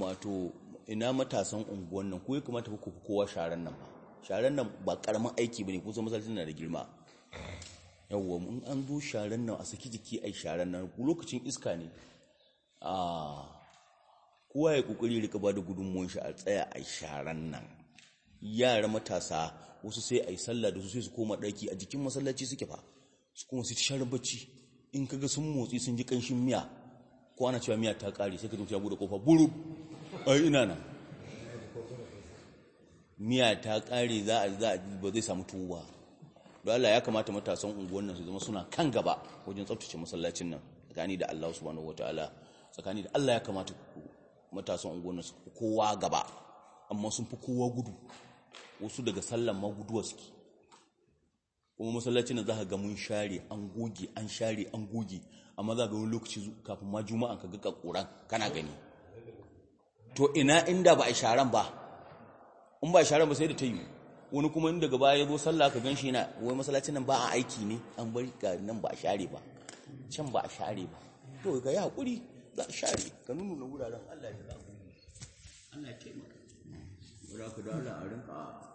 wato ina matasan unguwan nan ko ya kamata ku kuku kowa sharan nan ba sharan nan ba karamin aiki bane ko zama masallacin na da girma yawwa in an zo sharan nan a saki jiki ai sharan nan lokacin iska ne a kowa ya kokari rika ba da gudunmuwan shi a tsaya a sharan nan yara matasa wasu sai a yi sallah da su sai su koma ɗaki a jikin masallaci suke fa su kuma su sharar bacci in kaga sun motsi sun ji kanshin miya ko ana cewa miya ta kare sai ka zuci ya bude kofa buru ai ina nan miya ta kare za a za ba zai samu tuwa don Allah ya kamata matasan unguwan nan su zama suna kan gaba wajen tsaftace masallacin nan tsakani da Allah subhanahu wataala tsakani da Allah ya kamata matasan unguwan nan su kowa gaba amma sun fi kowa gudu wasu daga sallan guduwa suke kuma masallacin nan za ka ga mun share an goge an share an goge amma za ga wani lokaci kafin ma juma'a ka ga koran kana gani to ina inda ba a sharan ba in ba a sharan ba sai da ta yi wani kuma inda gaba ya zo sallah ka ganshi na wai masallacin nan ba a aiki ne an bari ka nan ba a share ba can ba a share ba to ka yi hakuri za a share ka nuna wuraren Allah ya Allah ya taimaka wanda ka da Allah a rinka